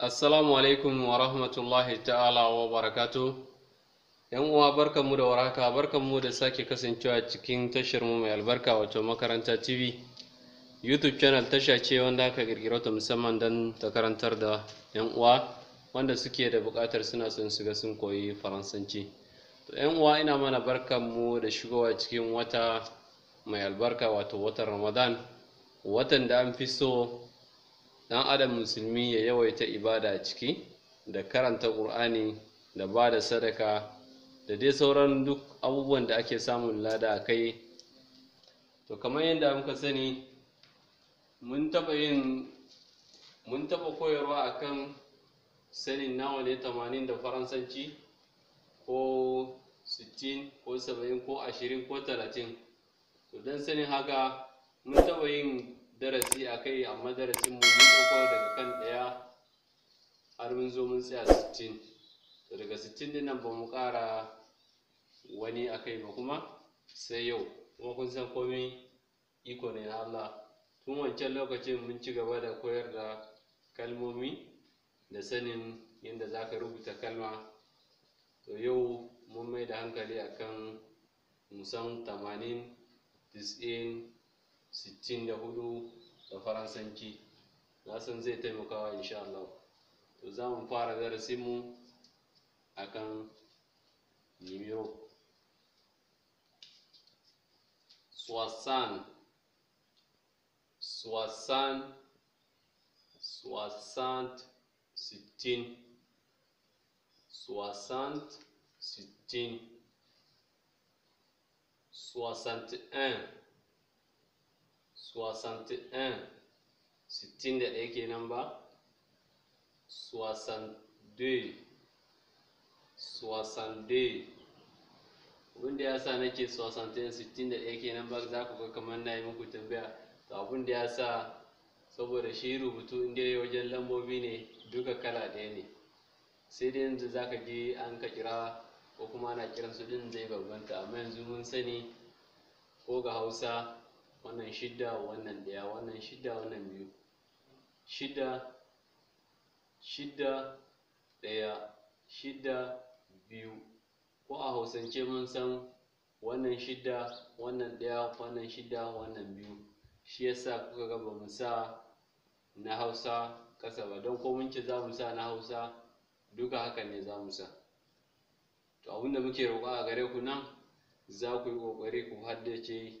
Assalamu alaikum wa rahmatullahi ta'ala wa barakatu. ‘Yan uwa mu da waraka, mu da sake kasancewa cikin tashar mu mai albarka wato makaranta TV. YouTube channel tasha ce wanda aka kirkira ta musamman don ta karantar da ‘yan uwa wanda suke da buƙatar suna son su ga sun koyi Faransanci. To ‘yan uwa ina mana mu da shigowa cikin wata mai albarka wato watan Ramadan, watan da an fi so dan adam musulmi ya yawaita ibada ciki da karanta ƙur'ani da ba da sadaka da dai sauran duk abubuwan da ake samun lada a kai to kamar yadda muka sani mun taba yin mun taɓa koyarwa akan sanin nawa ne tamanin da faransanci ko sittin ko saba'in ko ashirin ko talatin to don sanin haka mun taɓa yin darasi a kai amma darasin mu mun ɗauko daga kan ɗaya har mun zo mun tsaya sittin to daga 60 din nan ba mu ƙara wani a kai ba kuma sai yau kuma kun san komai iko ne na Allah tun wancan lokacin mun ci gaba da koyar da kalmomi da sanin yadda za ka rubuta kalma to yau mun mai da hankali akan musan tamanin tis'in 64 da faransanci na san zai taimakawa insha Allah to za mu fara darasinmu akan nimiro soixante soixante soixante sittin soixante sittin 61 61 eh, kenan ba 62 abin da ya sa nake 61 61 kenan ba za ku ga kamar na yi muku tambaya to abin da ya sa saboda shi rubutu inda ya wajen lambobi ne duka kala ɗaya ne sai dai yanzu za ka je an ka kira ko kuma ana kiransu ɗin zai bambanta amma yanzu mun sani ko ga hausa wannan shidda wannan ɗaya wannan shidda wannan biyu shidda shidda ɗaya shidda biyu ko a hausance mun san wannan shidda wannan ɗaya wannan shidda wannan biyu shi yasa kuka ga ba mu sa na hausa ƙasa ba don ko mun ce za mu sa na hausa duka haka ne za mu sa to abinda muke roƙa a gare ku nan za ku yi ƙoƙari ku haddace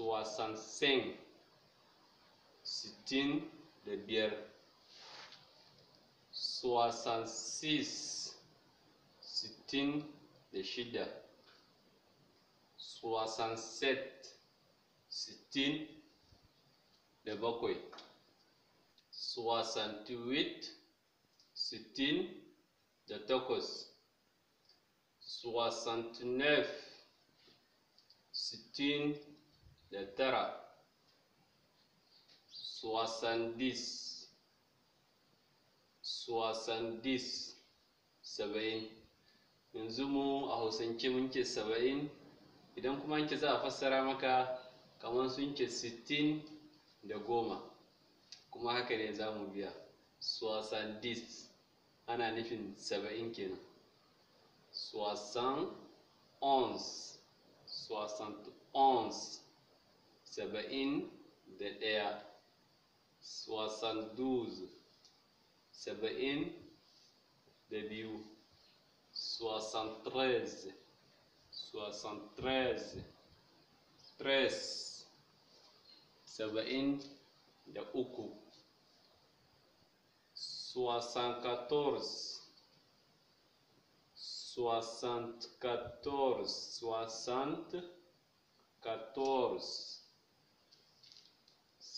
65 sittin da biyar six sittin da shida set sittin da bakwai wit sittin da takwas sittin da tara soixante-dix yanzu mu a hausance mun ce saba'in idan kuma ke za a fassara maka kamar sun ce sittin da goma kuma haka ne za mu biya soixante ana nufin saba'in kenan soixante-onze soixante-onze saba'in da ɗaya soixante-douze saba'in da biyu soixante-treize soixante-treize tres saba'in da uku soixante-quatorze soixante-quatorze soixante-quatorze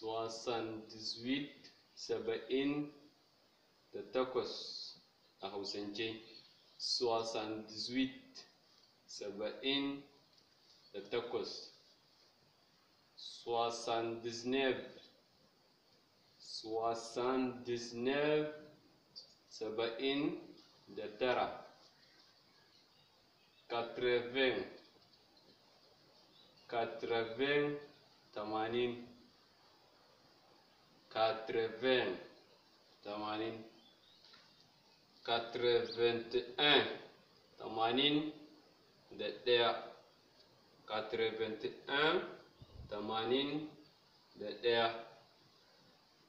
78 saba'in da takwas a hausance soixante da takwas soixante 79 neuf da tara 80 80% quatre-vingts, tamanin, quatre da ɗaya, quatre vingt da ɗaya,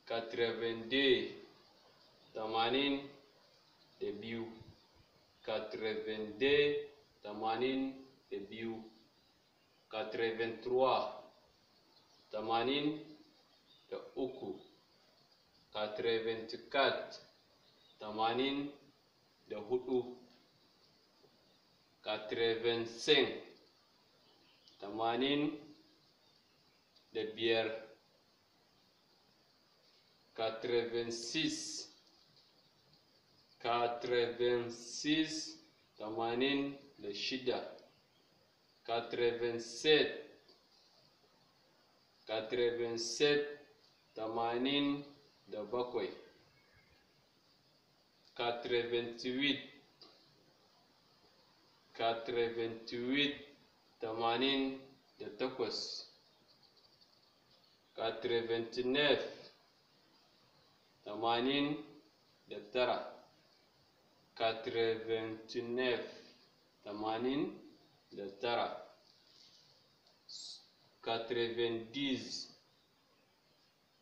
quatre vingt da biyu, quatre vingt da da uku. 84 tamanin da hudu katrevensen tamanin da biyar katrevensis katrevensis tamanin da shida katrevenset katrevenset tamanin da bakwai katreventiwit katreventiwit tamanin da takwas katreventinef tamanin da tara katreventinef tamanin da tara katrevendiz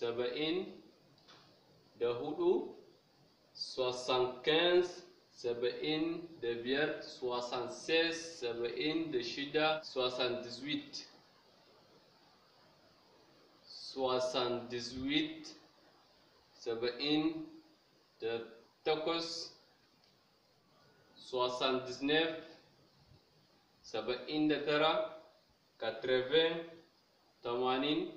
Sebain dahulu suasan kens sebain biar suasan ses sebain deshida suasan dzuit suasan dzuit sebain de tokos suasan dznev sebain de tera katreve tamanin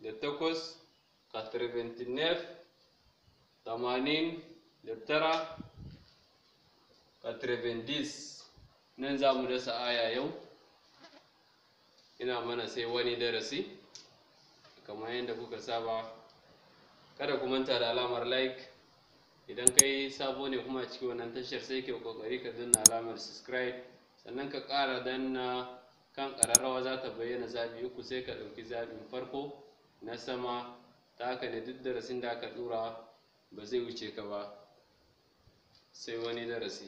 da takwas katirventinef tamanin da tara katirventis nan za mu dasa aya yau ina mana sai wani darasi kamar yadda kuka saba kada ku manta da alamar like idan kai sabo ne kuma ciki wannan tashar sai ke kokari ka danna alamar subscribe sannan ka ƙara danna kan ƙararrawa za ta bayyana zaɓi uku sai ka ɗauki zaɓin farko na sama ta haka ne duk darasin da aka ɗora ba zai wuce ka ba sai wani darasi